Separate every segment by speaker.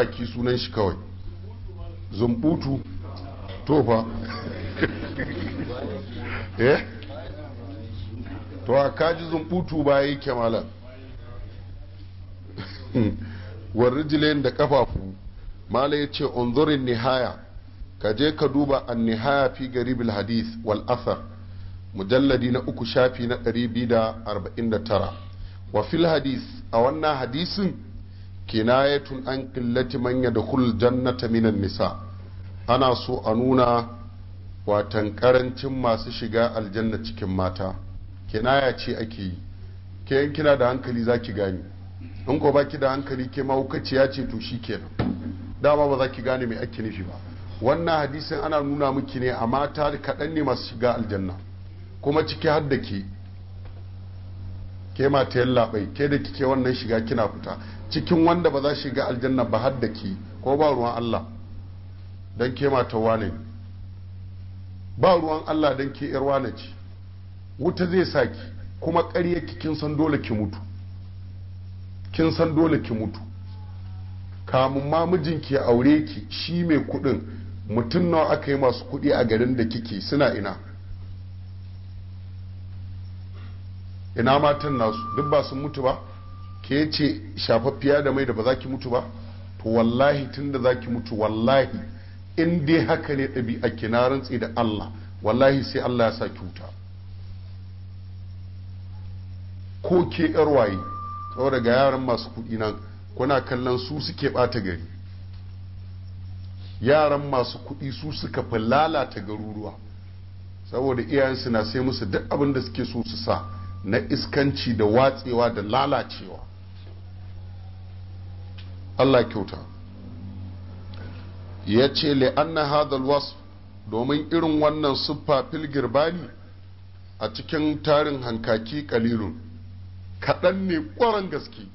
Speaker 1: baki sunan shi kawai zumbutu to eh to a kaji zumbutu ba yi kyamalan da kafafu mala ya ce unzurin nihaya ka je ka duba an nihaya fi gari bil hadis wal asar mujalladi na uku shafi na 249 wa fil hadis a wannan hadisin kinayatun an qillati man yadkhul jannata minan nisa ana so a nuna watan karancin masu shiga aljanna cikin mata kinaya ce ake yi ke yan kina da hankali zaki gane in ko baki da hankali ke ma ya ce to shikenan dama ba za ki gane mai ake nufi ba wannan hadisin ana nuna miki ne a mata kaɗan ne masu shiga aljanna kuma ciki har da ke ke mata yallaɓai ke da kike wannan shiga kina fita cikin wanda ba za shiga aljanna ba har da ki ko ba ruwan Allah don ke mata wane ba ruwan Allah don ke yar wane ce wuta zai saki kuma ƙarya kin san dole ki mutu kin san dole ki mutu kamun ma mijinki ya aure ki shi mai kuɗin mutum nawa aka yi masu kuɗi a garin da kike suna ina ina matan nasu duk ba sun mutu ba ke ce shafaffiya da mai da ba za ki mutu ba to wallahi tunda za ki mutu wallahi in dai haka ne ɗabi'a a kinarin rantse da Allah wallahi sai Allah ya sa ki wuta ko ke yar waye saboda yaran masu kuɗi nan kuna kallon su suke ɓata gari yaran masu kuɗi su suka fi lalata garuruwa saboda iyayensu na sai musu duk abin da suke so su sa na iskanci da watsewa da lalacewa Allah kyauta ya ce li'anna hadal wasu domin irin wannan siffa filgir a cikin tarin hankaki kalilun kaɗan ne ƙwaron gaske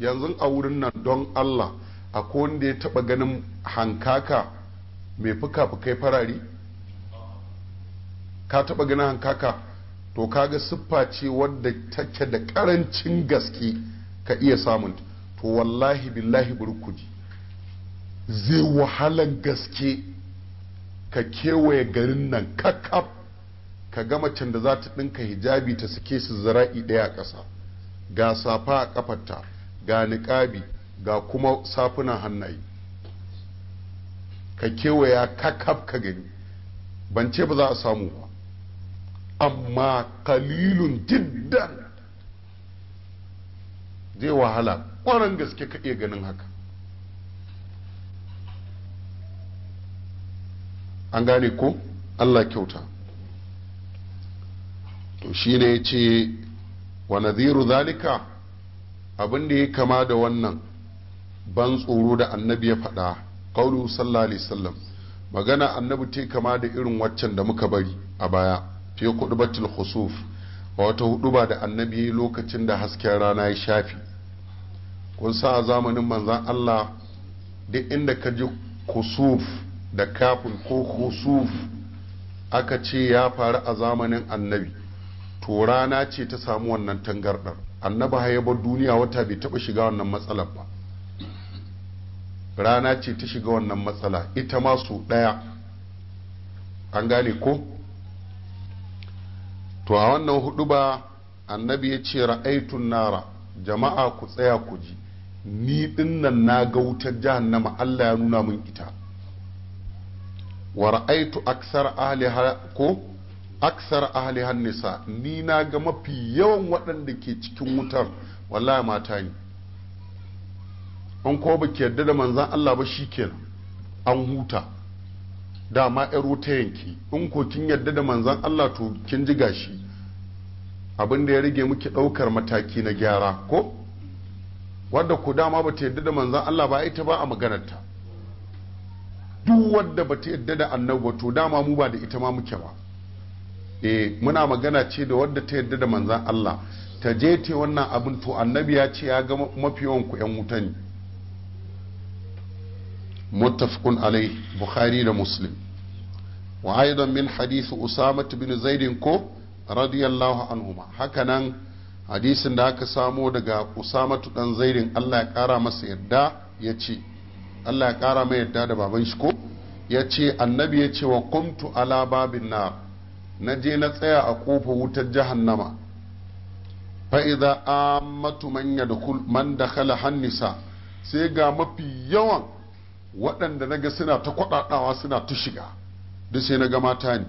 Speaker 1: yanzu a wurin nan don Allah a wanda ya taɓa ganin hankaka mai fuka-fukai farari ka taɓa ganin hankaka to kaga siffa ce wadda take da karancin gaske ka iya samun to wallahi billahi burkuji zai wahalan gaske ka kewaye garin nan kakaf ka ga macen da za ta ɗinka hijabi ta sake su zara'i ɗaya a ƙasa ga safa a ƙafarta ga niƙabi ga kuma safunan hannaye ka kewaya kakaf ka gani ban ba za a samu ba amma kalilun jiddan zai wahala kwaran gaske ka iya ganin haka an gane ko allah kyauta to shi ne ya ce wa naziru zalika abin da ya kama da wannan ban tsoro da annabi ya faɗa kaulu sallallahu alaihi magana annabi ta kama da irin waccan da muka bari a baya fi kudubatul khusuf a wata huduba da annabi lokacin da hasken rana ya shafi kun sa a zamanin manzan Allah duk inda ka ji khusuf da kafin ko khusuf aka ce ya faru a zamanin annabi to rana ce ta samu wannan tangardar annabi bar duniya wata bai taba shiga wannan matsalar ba rana ce ta shiga wannan matsala ita ma su daya an gane ko to a wannan hudu ba annabi ya ce ra'aitun nara jama'a ku tsaya ku ji ni dinnan na ga wutar jahannama Allah ya nuna min ita wa ra'aitu aksar ahli ha ko aksar ahli nisa ni na ga mafi yawan waɗanda ke cikin wutar wallahi mata ne an ko ba yarda da manzan Allah ba shikenan an huta dama yar wuta yanki in ko kin yadda da manzan Allah to kin ji gashi abin da ya rage muke ɗaukar mataki na gyara ko wadda ku dama ba ta yadda da manzan Allah ba ita ba a maganarta duk wadda ba ta yadda da annabi ba to dama mu ba da ita ma muke ba e muna magana ce da wadda ta yadda da manzan Allah ta je ta wannan abin to annabi ya ce ya ga mafi yawan ku yan wuta ne متفق عليه بخاري ومسلم وأيضا من حديث أسامة بن زيد كو رضي الله عنهما هكذا حديث ذاك سامو دغا أسامة بن زيد الله كرم سيدا يتي الله كرم يدا da baban shi ko yace annabi yace wa kuntu ala babin na naje na tsaya a kofar wutar jahannama fa idza amatu man yadkhul man dakhala hannisa sai ga mafi yawan waɗanda na ga suna ta kwaɗaɗawa suna ta shiga duk sai na ga mata ne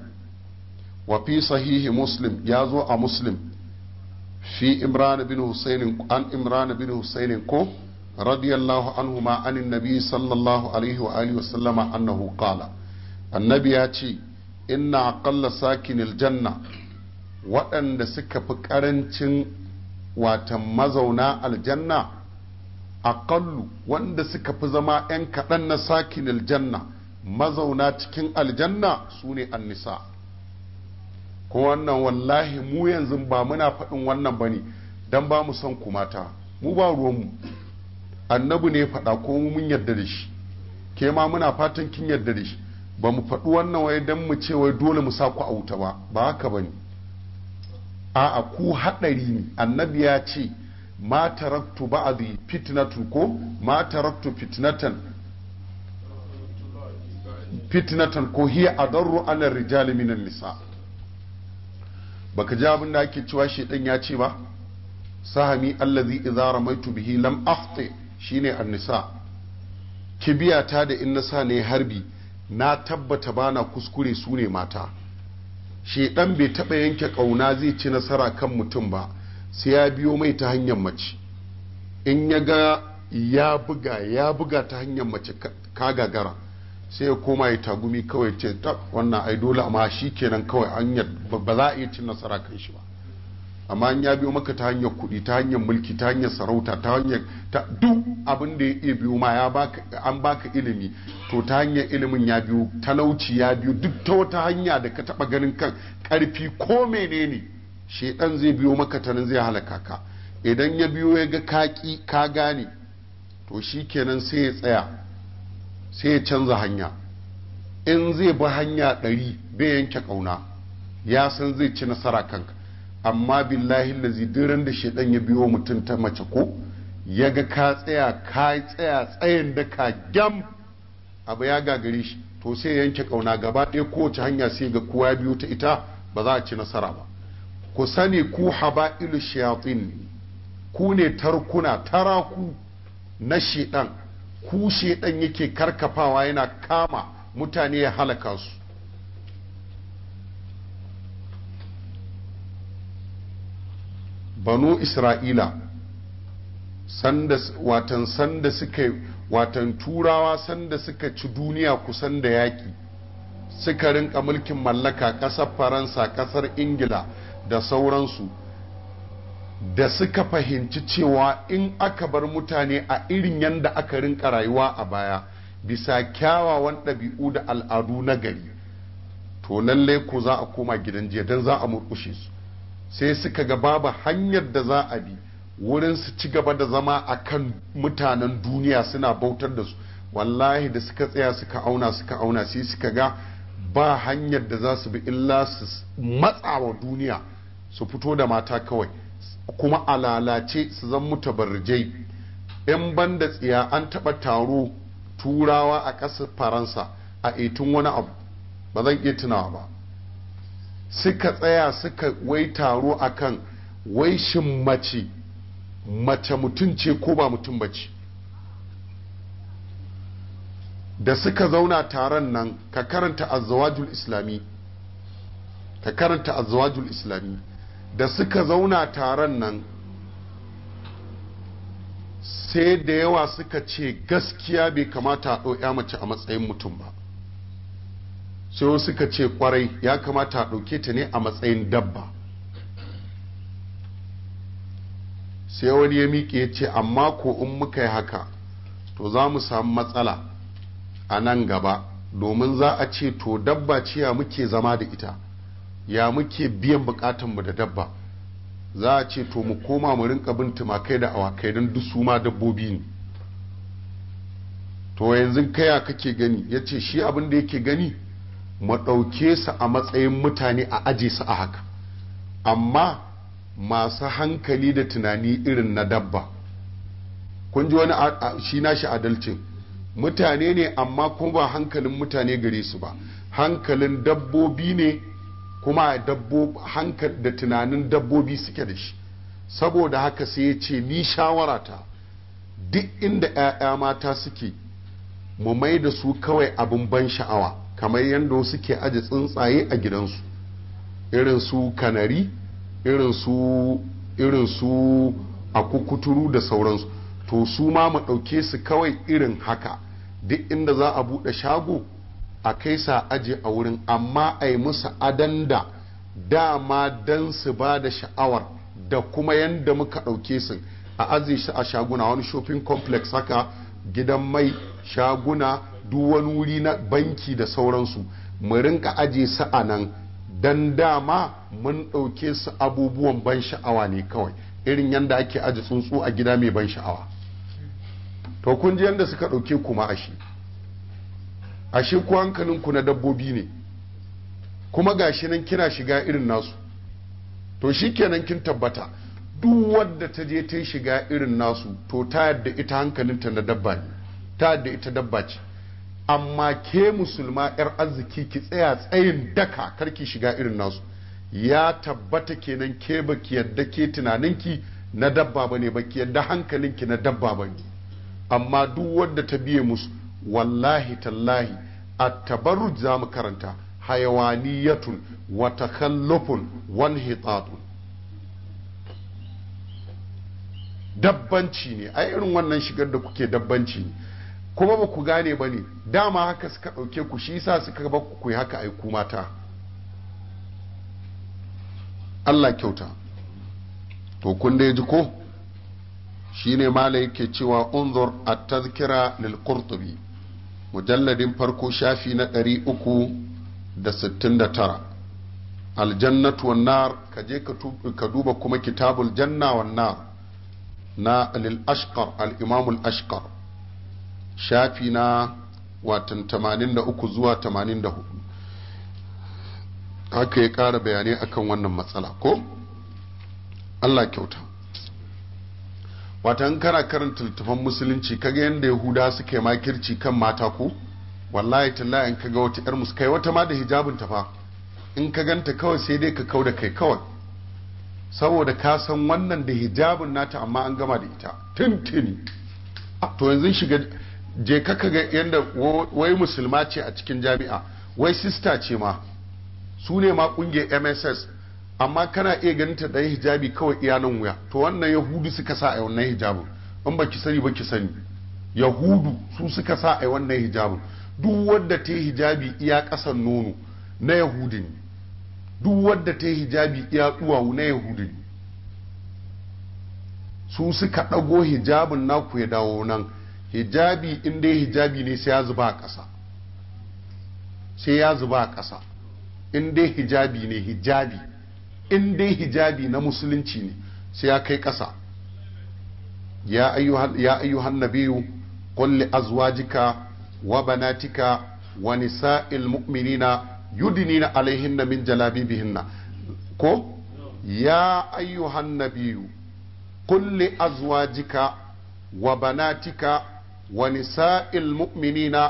Speaker 1: wa fi sahihi muslim ya zo a muslim fi imran bin husainin an imran bin husainin ko radiyallahu anhu ma anin nabi sallallahu alaihi wa alihi wa sallama annahu qala annabi ya ce inna aqalla sakinil janna waɗanda suka fi ƙarancin watan mazauna aljanna aqallu wanda suka fi zama 'yan kaɗan na sakin aljanna mazauna cikin aljanna su ne annisa ko wannan wallahi mu yanzu ba muna faɗin wannan ba ne don ba mu son kumata mu ba ruwanmu annabi ne faɗa ko mun yarda da shi ke ma muna fatan kin yarda da shi ba mu faɗi wannan wai don mu ce wai dole mu sa ku a wuta ba ba haka ba ne a'a ku haɗari ne annabi ya ce ma taraktu ba'di fitnatu ko ma taraktu fitnatan fitnatan ko hiya adarru ala rijali minan nisa baka ji abin da ake cewa shedan ya ce ba sahami allazi idza ramaitu bihi lam akhti shine an-nisa kibiyata da in nisa ne harbi na tabbata bana kuskure sune ne mata shedan bai taba yanke kauna zai ci nasara kan mutum ba sai ya biyo mai ta hanyar mace in ya ga ya buga ya buga ta hanyar mace ka gagara sai ya koma ya tagumi kawai ce ta wannan ai dole amma shi kenan kawai hanyar ba za a iya cin nasara kan shi ba amma an ya biyo maka ta hanyar kuɗi ta hanyar mulki ta hanyar sarauta ta hanyar ta duk abin da ya iya biyo ma ya baka an baka ilimi to ta hanyar ilimin ya biyo talauci ya biyo duk ta wata hanya da ka taɓa ganin kan ƙarfi ko menene ne shedan zai biyo maka ta nan zai halaka ka idan ya biyo ya ga kaki ka gane to shi kenan sai ya tsaya sai ya canza hanya in zai bi hanya ɗari bai yanke ƙauna ya san zai ci nasara kanka amma billahi lazi duran da shedan ya biyo mutum ta mace ko ya ga ka tsaya ka tsaya tsayin da ka gyam abu ya gagare shi to sai yanke ƙauna gaba ɗaya kowace hanya sai ga kowa ya biyo ta ita ba za a ci nasara ba ku sani ku haba'ilu shayatin ku ne tarkuna taraku na shedan ku shedan yake karkafawa yana kama mutane ya halaka su banu isra'ila sanda watan sanda suka watan turawa sanda suka ci duniya kusan da yaki suka rinka mulkin mallaka ƙasar faransa ƙasar ingila da sauransu da suka fahimci cewa in aka bar mutane a irin yadda aka rinka rayuwa a baya bisa kyawawan ɗabi'u da al'adu na gari to lallai ko za a koma gidan jiya don za a murkushe su sai suka ga babu hanyar da za a bi wurin su ci gaba da zama a kan mutanen duniya suna bautar da su wallahi da suka tsaya suka auna suka auna sai suka ga ba hanyar da za su bi illa su matsawa duniya su fito da mata kawai kuma a lalace su zan muta barjai yan banda tsiya an taɓa taro turawa a ƙasar faransa a etun wani abu ba zan iya tunawa ba suka tsaya suka wai taro a kan waishin mace mace mutum ce ko ba mutum bace da suka zauna taron nan ka karanta azawajul islami ka karanta azawajul islami da suka zauna taron nan sai da yawa suka ce gaskiya bai kamata a ɗauya mace a matsayin mutum ba sai suka ce kwarai ya kamata a ɗauke ta ne a matsayin dabba sai wani ya miƙe ya ce amma ko in muka yi haka to za mu samu matsala a nan gaba domin za a ce to dabba ciya muke zama da ita ya muke biyan bukatunmu da dabba za a ce to mu koma mu rinka bin tumakai da awakai don duk su ma dabbobi ne to yanzu kaya kake gani ya ce shi abin da yake gani mu ɗauke su a matsayin mutane a aje su a haka amma masu hankali da tunani irin na dabba kun ji wani shi nashi adalcin mutane ne amma kuma ba hankalin mutane gare su ba hankalin dabbobi ne kuma hankali da tunanin dabbobi suke da shi saboda haka sai ya ce ni shawarata duk inda 'ya'ya mata suke mu mai da su kawai abin ban sha'awa kamar yadda suke aje tsuntsaye a gidansu irin su kanari irin su irin su da sauransu to su ma mu ɗauke su kawai irin haka duk inda za a buɗe shago a kai sa aji a wurin amma a yi musu adan da dama don su ba da sha'awar da kuma yadda muka ɗauke su a aji su a shaguna wani shopping complex haka gidan mai shaguna duk wani wuri na banki da sauransu mu rinka aji su a nan don dama mun ɗauke su abubuwan ban sha'awa ne kawai irin yadda ake aji tsuntsu a gida mai ban sha'awa to kun ji yadda suka ɗauke kuma a shi ashe ku hankalinku na dabbobi ne kuma gashi nan kina shiga irin nasu to shikenan kin tabbata duk wadda ta je ta shiga irin nasu to ta yadda ita hankalinta na dabba ne ta yadda ita dabba ce amma ke musulma yar arziki ki tsaya tsayin daka karki shiga irin nasu ya tabbata kenan ke baki yadda ke tunaninki na dabba bane baki yadda hankalinki na dabba bane amma duk wadda ta biye musu wallahi tallahi at tabarruj za mu karanta hayawaniyatun wa takallufun wan hitatun dabbanci ne a irin wannan shigar da kuke dabbanci ne kuma ba ku gane ba ne dama haka suka ɗauke ku shi sa suka ba ku yi haka aiku mata Allah kyauta to kun dai ji ko shine mala yake cewa unzur at-tazkira lil qurtubi mujalladin farko shafi na ɗari uku da sittin da tara aljannatu wan nar ka je ka duba kuma kitabul janna wan nar na lil ashqar al imam ashqar shafi na watan 83 zuwa 84 haka ya ƙara bayanai akan wannan matsala ko Allah kyauta Wata in kana karanta littafan musulunci kaga yadda yahuda suke makirci kan mata ko wallahi tallahi in kaga wata yar musu kai wata ma da hijabin ta fa in ka ganta kawai sai dai ka kau da kai kawai saboda ka san wannan da hijabin nata amma an gama da ita tintini to yanzu shiga je ka ga yadda wai musulma ce a cikin jami'a wai sista ce ma su ne ma kungiyar mss amma kana iya ganin ta da hijabi kawai iya nan wuya to wannan yahudu suka sa a wannan hijabin in baki sani baki sani yahudu su suka sa a wannan hijabin duk wadda ta yi hijabi iya kasan nono na yahudin duk wadda ta yi hijabi iya duwawu na yahudin su suka ɗago hijabin naku ya dawo nan hijabi in dai hijabi ne sai ya zuba a ƙasa sai ya zuba a kasa in hijabi ne hijabi in dai hijabi na musulunci ne sai ya kai ƙasa ya ayyuhan nabiyu qul azwajika wa banatika wa nisa'il mu'minina yudnina alaihinna min jalabibihinna ko ya ayyuhan nabiyu qul azwajika wa banatika wa nisa'il mu'minina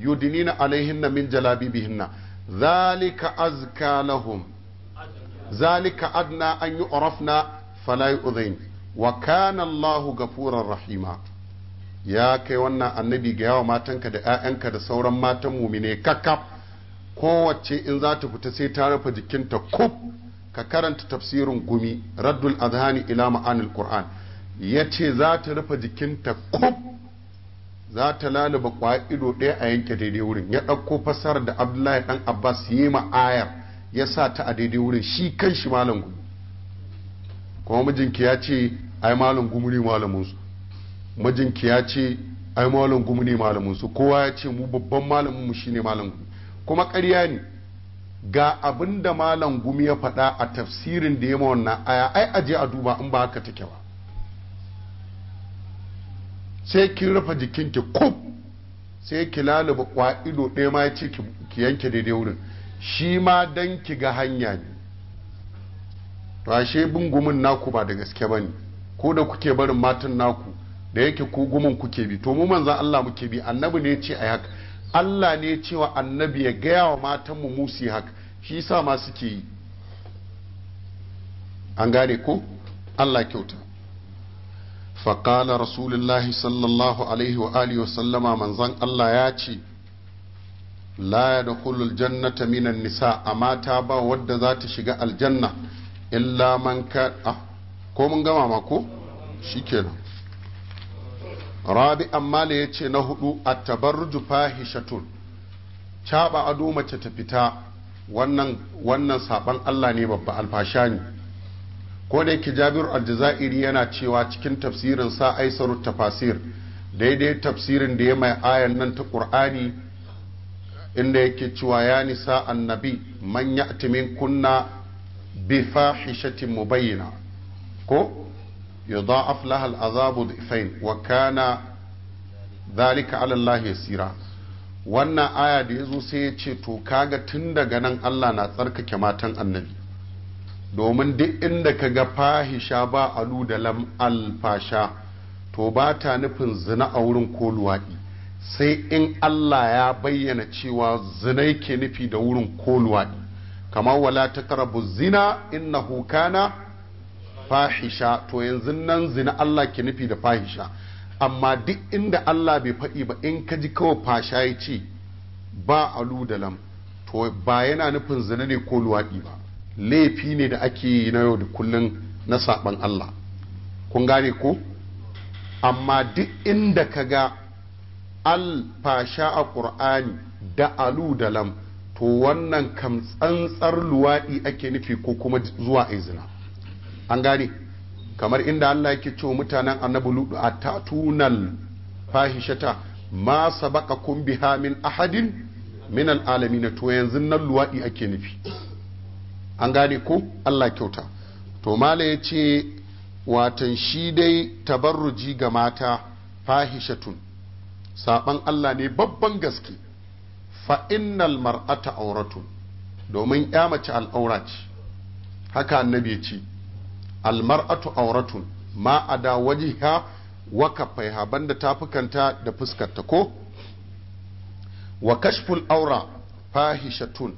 Speaker 1: yudnina alaihinna min jalabibihinna dhalika azka lahum zalika adna an orofna. fala uzain wa kana Allahu gafurar rahima ya kai wannan annabi ga yawa matanka da 'ya'yanka da sauran matan mumine kakkaf kowace in za ta fita sai ta rufe jikinta kuf ka karanta tafsirin gumi raddul azhani ila ma'anil qur'an yace za ta rufe jikinta kuf za ta laluba kwa ido ɗaya a yanke daidai wurin ya ɗauko fasara da abdullahi ɗan abbas yi ma'ayar. ayar ya sa ta a daidai wurin shi kan shi malam gumi kuma mijinki ya ce ai malam gumi ne malamunsu mijinki ya ce ai malam gumi ne malamunsu kowa ya ce mu babban malamin mu shine malam gumi kuma ƙarya ne ga abin da malam gumi ya faɗa a tafsirin da ya ma wannan aya ai aje a duba in ba haka take ba sai kin rufe jikinki kuf sai ki lalaba kwa ido ɗaya ma ya ce ki yanke daidai wurin shi ma don ki ga hanya ne to ashe bin gumin naku ba da gaske ba ne ko da kuke barin matan naku da yake ko gumin kuke bi to mu manzan Allah muke bi annabi ne ce a haka Allah ne cewa annabi ya gaya wa matan mu haka shi sa ma suke yi an gane ko Allah kyauta faƙala rasulullahi sallallahu alaihi wa alihi wa sallama manzan Allah ya ce la yadkhulul jannata minan nisa amma ta ba wadda za ta shiga aljanna illa man ka ko mun gama ma ko shikenan rabi amma ya ce na hudu at-tabarruju fahishatun caba ado mace ta fita wannan sabon Allah ne babba alfasha ne ko da yake Jabir al-Jazairi yana cewa cikin tafsirin sa Aisarut tafasir daidai tafsirin da ya mai ayan nan ta Qur'ani inda yake cewa ya nisa annabi man ya'ti kunna bi fahishatin mubayyana ko yudha'af laha al'azabu dhifain wa kana Zalika 'ala Allah yasira wannan aya da yazo sai ya ce to kaga tun daga nan Allah na tsarkake matan annabi domin duk inda ka ga fahisha ba alu da lam alfasha to ba ta nufin zina a wurin ko luwaɗi sai in Allah ya bayyana cewa zina ke nufi da wurin koluwa kamar wala karabu zina inna kana fahisha to yanzu nan zina Allah ke nufi da fahisha amma duk inda Allah bai faɗi ba in ka ji kawai fasha ya ce ba a ludalam to ba yana nufin zina ne ko luwaɗi ba laifi ne da ake yi na yau da kullum na saɓan Allah kun gane ko amma duk inda ka ga alfasha a ƙur'ani da alu da lam to wannan kam tsantsar luwaɗi ake nufi ko kuma zuwa izina an gane kamar inda Allah yake cewa mutanen annabi ludu a tatunan fahishata ma sabaka kun biha min ahadin min alamin to yanzu nan luwaɗi ake nufi an gane ko Allah kyauta to mala ya ce watan shi dai tabarruji ga mata fahishatun saban Allah ne babban gaske fa innal mar'ata auratun domin ya mace al'aura ce haka annabi ya ce almar'atu auratun ma ada wajiha wa kaffaiha banda tafukanta da fuskarta ko wa kashful aura fahishatun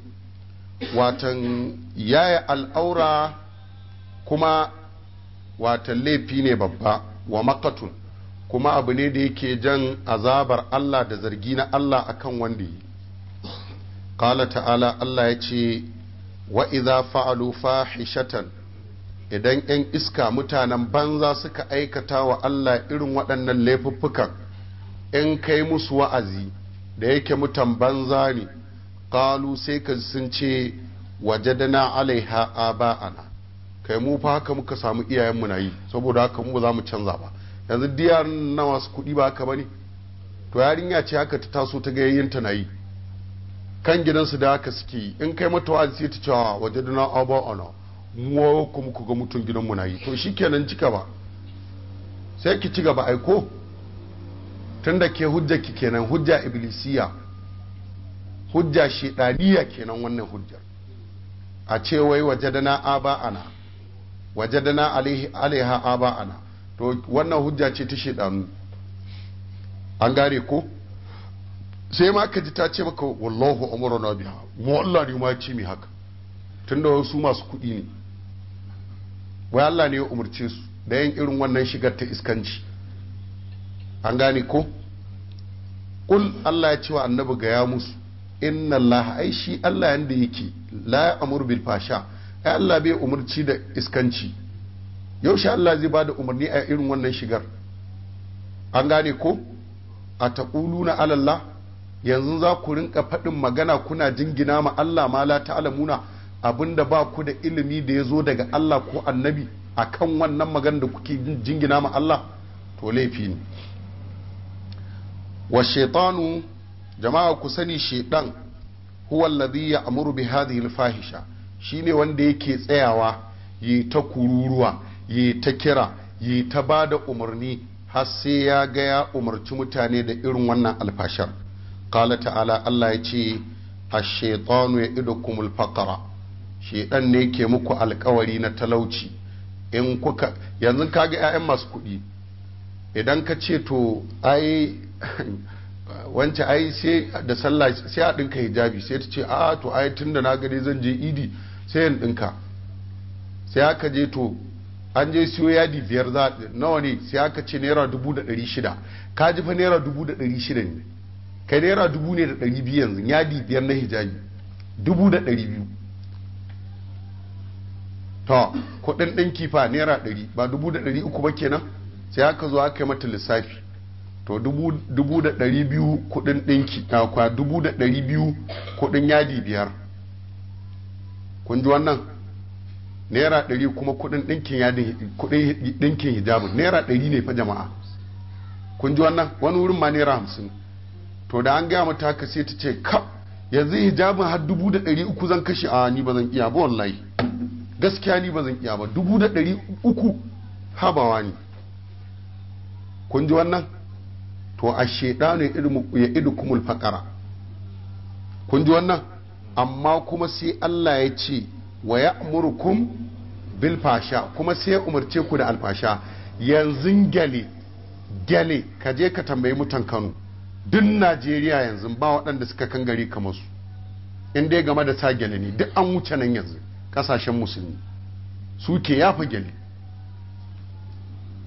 Speaker 1: watan yaya al'aura kuma watan laifi ne babba wa makatun kuma abu ne da yake jan azabar Allah da zargi na Allah akan wanda yi ƙala ta'ala Allah ya ce wa iza fa'alu fahishatan idan yan iska mutanen banza suka aikata wa Allah irin waɗannan laifuffukan in kai musu wa'azi da yake mutan banza ne ƙalu sai ka sun ce na alaiha aba'ana kai mu fa haka muka samu iyayenmu na yi saboda haka mu za mu canza ba yanzu diya na masu kuɗi ba haka ne to yarinya ce haka ta taso ta ga yayin ta yi kan gidansu da haka suke in kai mata wa sai ta ce ah, waje da na abu ana muwa ko muku ga mutum gidan na yi to shi kenan cika ba sai ki ci gaba aiko tunda ke hujja ki kenan hujja iblisiya hujja shedaniya kenan wannan hujjar a ce wai waje da na aba ana waje da na alaiha aba ana to wannan hujja ce ta shaidanu an gare ko sai ma ka ji ta ce maka wallahu na biha mu Allah ne ma ce mi haka tunda wasu masu kuɗi ne wai Allah ne ya umarce su da yin irin wannan shigar ta iskanci an gane ko kul Allah ya ce wa annabi ya musu inna Allah ai shi Allah yanda yake la amur bil fasha ai Allah bai umarci da iskanci yau sha Allah zai bada umarni a irin wannan shigar an gane ko a taƙulu na Allah yanzu za ku rinka faɗin magana kuna jingina ma Allah ma la alamuna abinda ba ku da ilimi da ya zo daga Allah ko annabi a kan wannan magana da kuke jingina ma Allah to laifi ne wa shaitanu jama'a ku sani shaitan huwa alladhi ya'muru bi hadhihi al-fahisha shine wanda yake tsayawa yi ta kururuwa yi ta kira yi ta ba da umarni har sai ya ga ya umarci mutane da irin wannan alfashar Kala ta'ala Allah ya ce a ido shaytanu ya'idukumul Shi dan ne ke muku alkawari na talauci in kuka yanzu kaga ƴaƴan masu kuɗi idan ka ce to ai wancan ai sai da sallah sai a dinka hijabi sai ta ce a to ai tunda na gari zan je idi sai in dinka sai aka je to an je siyo yadi biyar za nawa ne sai aka ce naira dubu da ɗari shida ka ji fa naira dubu da ɗari shida ne kai naira dubu ne da ɗari biyu yanzu yadi biyar na hijabi dubu da ɗari biyu to kuɗin ɗin kifa naira ɗari ba dubu da ɗari uku ba kenan sai aka zo aka yi mata lissafi to dubu da ɗari biyu kuɗin ɗinki kwa dubu da ɗari biyu kuɗin yadi biyar kun ji wannan naira ɗari kuma kuɗin ɗinkin yadin kuɗin ɗinkin hijabin naira ɗari ne fa jama'a kun ji wannan wani wurin ma naira hamsin to da an gaya mata haka sai ta ce kap yanzu hijabin har dubu da ɗari uku zan kashe a ni ba zan iya ba wallahi gaskiya ni ba zan iya ba dubu da ɗari uku habawa ne kun ji wannan to a shaidanu ya idu kumul faƙara kun ji wannan amma kuma sai Allah ya ce wa ya bil bilfasha kuma sai ya umarce ku da alfasha yanzu gyale gyale ka je ka tambayi mutan Kano duk Najeriya yanzu ba waɗanda suka kan gari kamar su in dai game da sa gyale ne duk an wuce nan yanzu kasashen musulmi su ke yafa gyale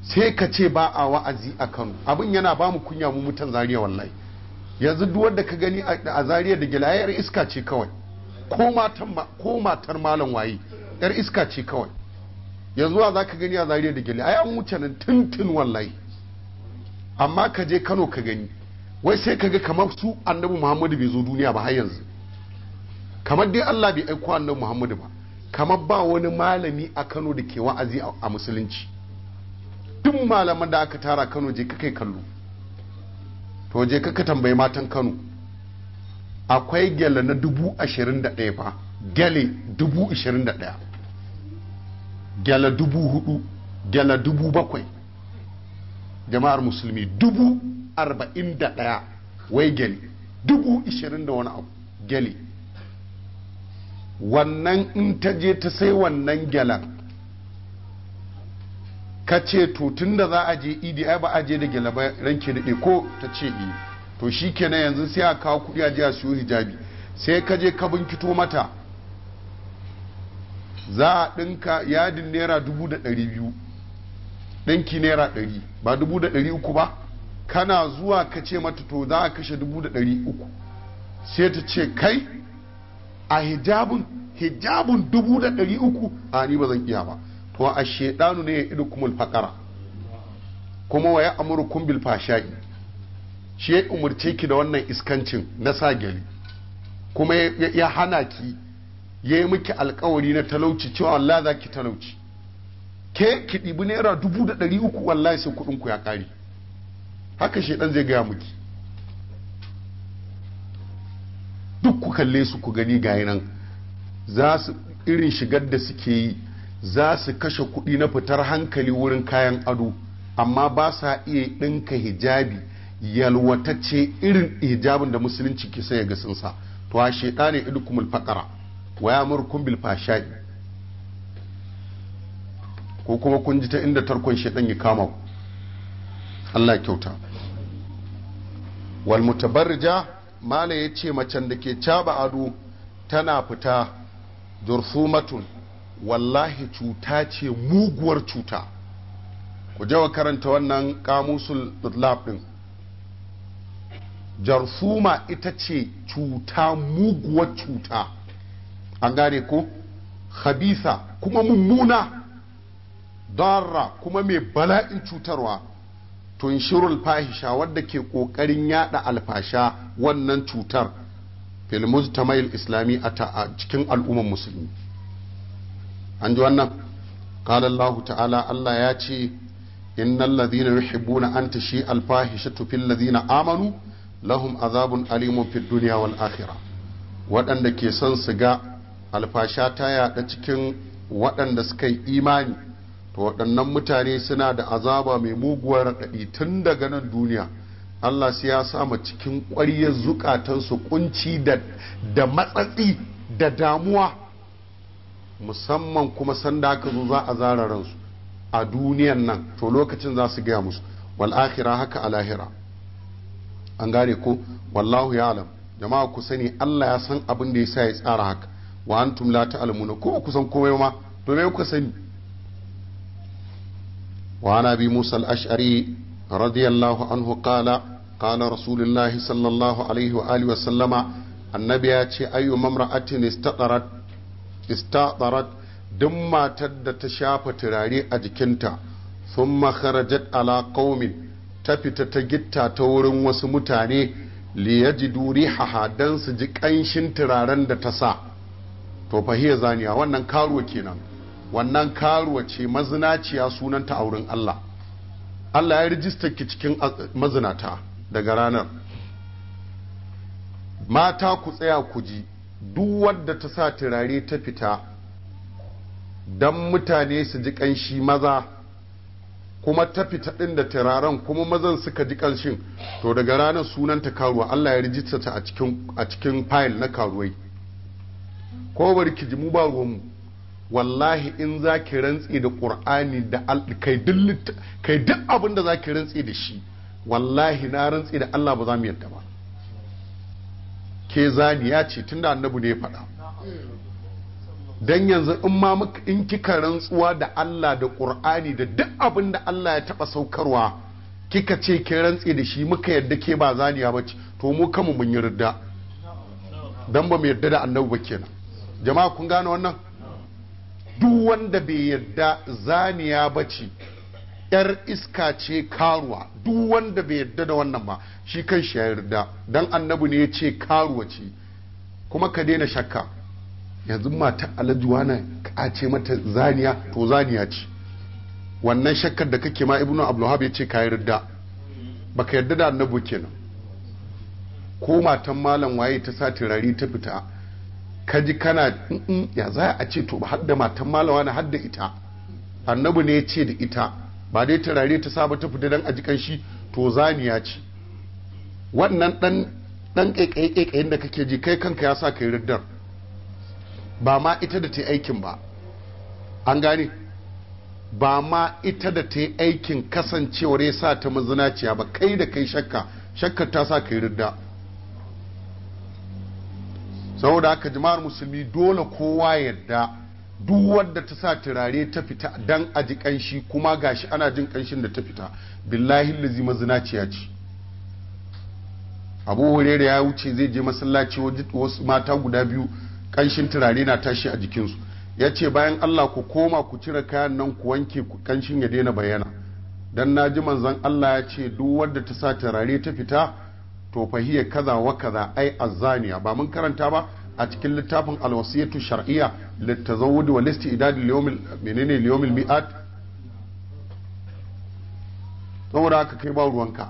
Speaker 1: sai ka ce ba a wa'azi a Kano abin yana ba mu kunya mu mutan Zariya wallahi yanzu duk wanda ka gani a Zariya da gyale iska ce kawai ko matar malam waye yar iska ce kawai yanzu a za ka gani a zariya da gyale ai an wuce nan tuntun wallahi amma ka je kano ka gani wai sai ka ga kamar su annabi muhammadu bai zo duniya ba har yanzu kamar dai allah bai aiko annabi muhammadu ba kamar ba wani malami a kano da ke wa'azi a musulunci tun malaman da aka tara kano je ka kai kallo to je ka tambayi matan kano akwai gyale na dubu ashirin da ɗaya fa gyale dubu ashirin da ɗaya gyale dubu hudu gyale dubu bakwai jama'ar musulmi dubu arba'in da ɗaya wai gyale dubu ashirin da wani abu gyale wannan in ta je ta sai wannan gyalen ka ce to tun da za a je idi ai ba a je da gyale ba ranke da ko ta ce iya eh. to shi kenan yanzu sai a kawo kuɗi a jiya siyo hijabi sai ka je ka binkito mata za a ɗinka yadin naira dubu da ɗari biyu ɗinki naira ɗari ba dubu da ɗari uku ba kana zuwa ka ce mata to za a kashe dubu da ɗari uku sai ta ce kai a hijabin hijabin dubu da ɗari uku a ni ba zan iya ba to a shaidanu ne ya idu kuma faƙara kuma wa ya amuru kumbil sha'i. shi ya umarce ki da wannan iskancin na sa gari kuma ya hana ki ya yi miki alkawari na talauci cewa wallahi za ki talauci ke ki ɗibi naira dubu da ɗari uku wallahi sai kuɗin ku ya ƙare haka shi ɗan zai gaya miki duk ku kalle su ku gani gayi nan za su irin shigar da suke yi za su kashe kuɗi na fitar hankali wurin kayan ado amma ba sa iya ɗinka hijabi yalwatacce irin ijabin da musulunci ke sai ga sunsa to a shaitani idukumul faqara wa ya'murukum bil fashai ko kuma kun ji ta inda tarkon shaitan ya kama ku Allah kyauta wal mutabarrija mala yace mace da ke caba ado tana fita jursumatun wallahi cuta ce muguwar cuta ku je wa karanta wannan kamusul lab jarsuma ita ce cuta muguwar cuta an gane ko habisa kuma mummuna darra kuma mai bala'in cutarwa Tun tunshirul fahisha wadda ke kokarin yada alfasha wannan cutar filmus tamayil islami a cikin al'ummar musulmi an ji wannan kalallahu ta'ala allah ya ce innal ladhina yuhibbuna an tashi alfahisha fil amanu lahum azabun alimun fi duniya wal akhirah waɗanda ke son su ga alfasha ta yaɗa cikin waɗanda suka yi imani to waɗannan mutane suna da azaba mai muguwar raɗaɗi tun daga nan duniya Allah sai ya sama cikin ƙwaryar zukatansu kunci da matsatsi da damuwa musamman kuma sanda aka zo za a zara ransu a duniyan nan to lokacin za su gaya musu wal akhirah haka al'ahira. lahira an gane ko wallahu ya'lam jama'a ku sani Allah ya san abin da ya sa ya tsara haka wa antum la ta'lamuna ko ku san komai ma to me ku sani wa ana bi Musa al-Ash'ari radiyallahu anhu qala qala rasulullahi sallallahu alaihi wa alihi wa sallama annabi ya ce ayyu mamra'atin istatarat istatarat duk matar da ta shafa turare a jikinta thumma kharajat ala qaumin ta fita ta gitta ta wurin wasu mutane duri haha don su ji ƙanshin turaren da ta sa to fahiya zaniya wannan karuwa kenan wannan karuwa ce mazinaciya sunanta a wurin Allah Allah ya rijista ki cikin mazinata daga ranar mata ku tsaya ku ji duk wadda ta sa turare ta fita don mutane su ji ƙanshi maza kuma ta fita ɗin da turaren kuma mazan suka ji kanshin to daga ranar sunanta karuwa Allah ya rijista ta a cikin fayil na karuwai ko bari ki ji mu ba mu wallahi in za ki rantse da qur'ani da kai duk abin da za ki rantse da shi wallahi na rantse da Allah ba za mu yadda ba ke zaniya ce tunda annabi ne ya faɗa Don yanzu in ma in kika rantsuwa da Allah da ƙur'ani da duk abin da Allah ya taɓa saukarwa kika ce kin rantse da shi muka yadda ke ba zaniya ba ce to mu kanmu mun yi ridda Don ba mu yadda da annabi ba kenan jama'a kun gane wannan duk wanda bai yadda zaniya ba ce yar iska ce karuwa duk wanda bai yadda da wannan ba shi kan shi ya yarda dan annabi ne ya ce karuwa ce kuma ka daina shakka yanzu mata alhaji wani a ce mata zaniya to zaniya ce wannan shakkar da kake ma ibnu abdullahab ya ce ka yarda baka yarda da Annabu kenan ko matan malam waye ta sa turare ta fita ka ji kana ya za a ce to ba hadda matan malam wani hadda ita Annabu ne ya ce da ita ba dai turare ta saba ta fita dan a jikan shi to zaniya ce wannan dan dan kaikaye da kake ji kai kanka ya sa kai riddar ba ma ita da ta yi aikin ba an gane ba ma ita da ta yi aikin kasancewar ya sa ta mazinaciya ba kai da kai shakka shakkar ta sa ka yi ridda saboda haka jama'ar musulmi dole kowa yadda duk wadda ta sa turare ta fita dan a ji kanshi kuma gashi ana jin kanshin da ta fita billahi lazi mazinaciya ce abu hurera ya wuce zai je masallaci wasu mata guda biyu kanshin turare na tashi a jikinsu ya ce bayan Allah ku koma ku cire kayan nan ku wanke ku kanshin ya daina bayyana dan na ji manzan Allah ya ce duk wadda ta sa turare ta fita to fahiya kaza wa kaza ai azaniya ba mun karanta ba a cikin littafin alwasiyatu shar'iyya litazawwud wa listi idadi liyomil menene liyomil mi'at saboda haka kai ba ruwanka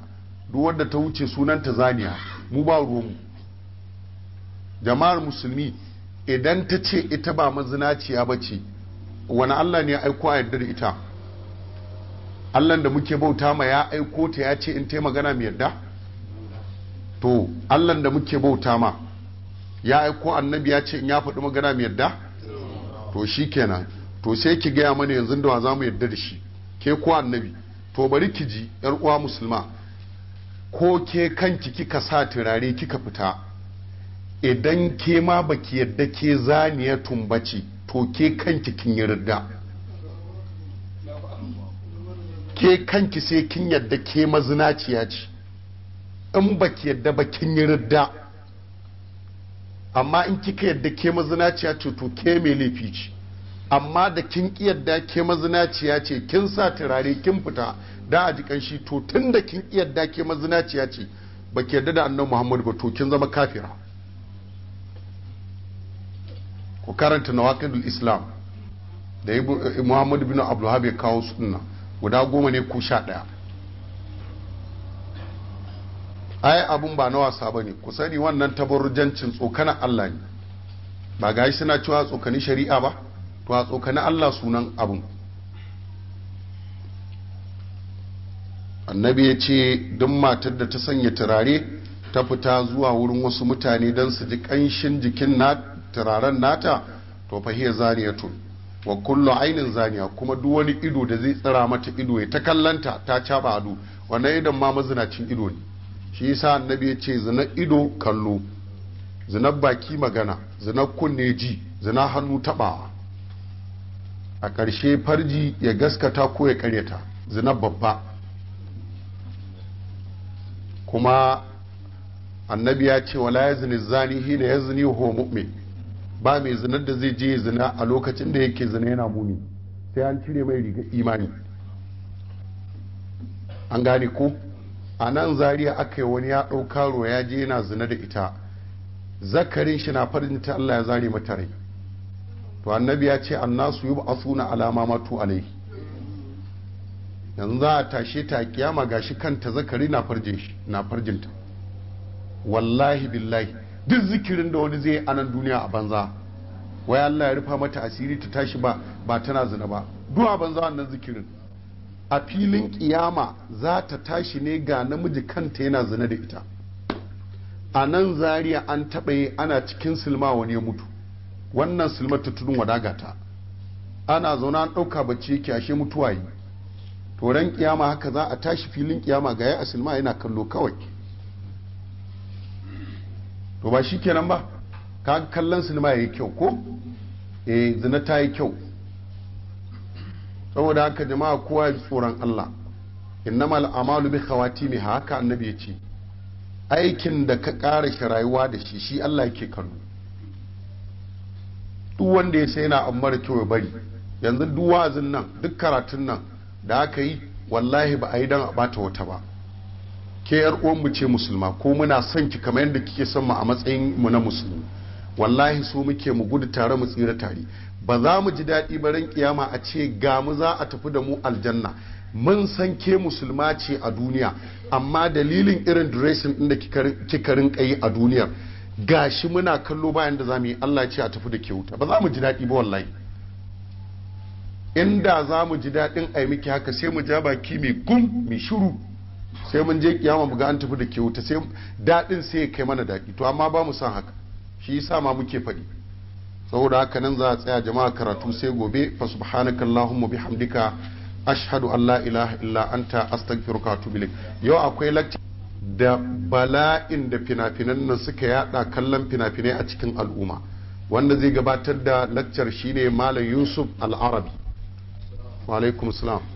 Speaker 1: duk wadda ta wuce sunanta zaniya mu ba ruwanmu jama'ar musulmi idan ta ce ita ba mazinaciya ba ce wani allah ne ya aiko a yadda da ita allah da muke bauta ma ya aiko ta ya ce in ta magana mai yarda to allah da muke bauta ma ya aiko annabi ya ce in ya faɗi magana mai yarda to shi kenan to sai ki gaya mana yanzu da wa za mu yarda da shi ke ko annabi to bari ki ji yar uwa musulma ko ke kanki kika sa turare kika fita idan ke ma baki yadda ke zaniya tumbaci to ke kanki kin yarda ke kanki sai kin yadda ke mazinaciya ce in baki yadda ba kin yarda amma in kika yadda ke mazinaciya ce to ke mai laifi ce amma da kin ki yadda ke mazinaciya ce kin sa turare kin fita da a jikan shi to tun da kin ki yadda ke mazinaciya ce ba ki yadda da annabi muhammadu ba to kin zama kafira ku karanta na waƙidul islam da eh, Muhammadu bin Abdullahi ya kawo sunna guda goma ne ko sha ɗaya ai abun ba na wasa ba ne ku sani wannan tabarujancin tsokana allah ne ba ga suna cewa tsokani shari'a ba to a tsokani allah sunan abun annabi ya ce duk matar da ta sanya turare ta fita zuwa wurin wasu mutane don su ji ƙanshin jikin na turaren nata to fa hiya zaniyatun wa kullu ainin zaniya kuma duk wani ido da zai tsira mata ido ya ta kallanta ta caba ado wannan idan ma mazinacin ido ne shi yasa annabi ya ce zina ido kallo zina baki magana zina kunne ji zina hannu tabawa a ƙarshe farji ya gaskata ko ya ƙaryata zina babba kuma annabi ya ce wala zini zani hina zini ho mu'min ba mai zinar da zai je zina a lokacin da yake zina yana muni sai an cire mai riga imani an gane ko a nan zariya aka yi wani ya ɗauka ruwa ya je yana zina da ita zakarin shi na farin ta Allah ya zare mata rai to annabi ya ce annasu yub'asuna alama matu alai. yanzu za a tashe ta kiyama gashi kanta zakari na farjinta wallahi billahi duk zikirin da wani zai anan duniya a banza wai Allah ya rufa mata asiri ta tashi ba ba tana zina ba duk a banza wannan zikirin a filin kiyama za ta tashi ne ga namiji kanta yana zina da ita a nan zariya an taɓa yi ana cikin silma wani ya mutu wannan silmar ta tudun ta. ana zaune an ɗauka bacci yake ashe mutuwa yi to ran kiyama haka za a tashi filin kiyama ga ya a silma yana kallo kawai to ba shi kenan ba ka kallon sinima ya yi kyau ko e zina ta yi kyau saboda haka jama'a kowa ya tsoron Allah innamal amalu bi mai haka annabi ya ce aikin da ka ƙara shi rayuwa da shi shi Allah yake kallo duk wanda ya sai yana amma da kyau ya bari yanzu duk nan duk karatun nan da aka yi wallahi ba a yi don a bata wata ba ke yar uwanmu ce musulma ko muna son ki kamar yadda kike son mu a matsayin mu na musulmi wallahi su muke mu gudu tare mu tsira tare ba za mu ji daɗi ba ran kiyama a ce ga mu za a tafi da mu aljanna mun san ke musulma ce a duniya amma dalilin irin duration din da kika rinka yi a duniyar gashi muna kallo bayan da za mu yi Allah ce a tafi da ke wuta ba za mu ji daɗi ba wallahi inda za mu ji daɗin ai miki haka sai mu ja baki mai gum mai shiru sai mun je kiyama mu an tafi da kyauta sai daɗin sai ya kai mana daɗi to amma ba mu san haka shi yasa ma muke faɗi saboda haka nan za a tsaya jama'a karatu sai gobe fa subhanaka allahumma bihamdika ashhadu an la ilaha illa anta astaghfiruka wa atubu yau akwai lecture da bala'in da fina-finan nan suka yada kallon fina-finai a cikin al'umma wanda zai gabatar da lakcar shine malam yusuf al'arabi wa alaikum salam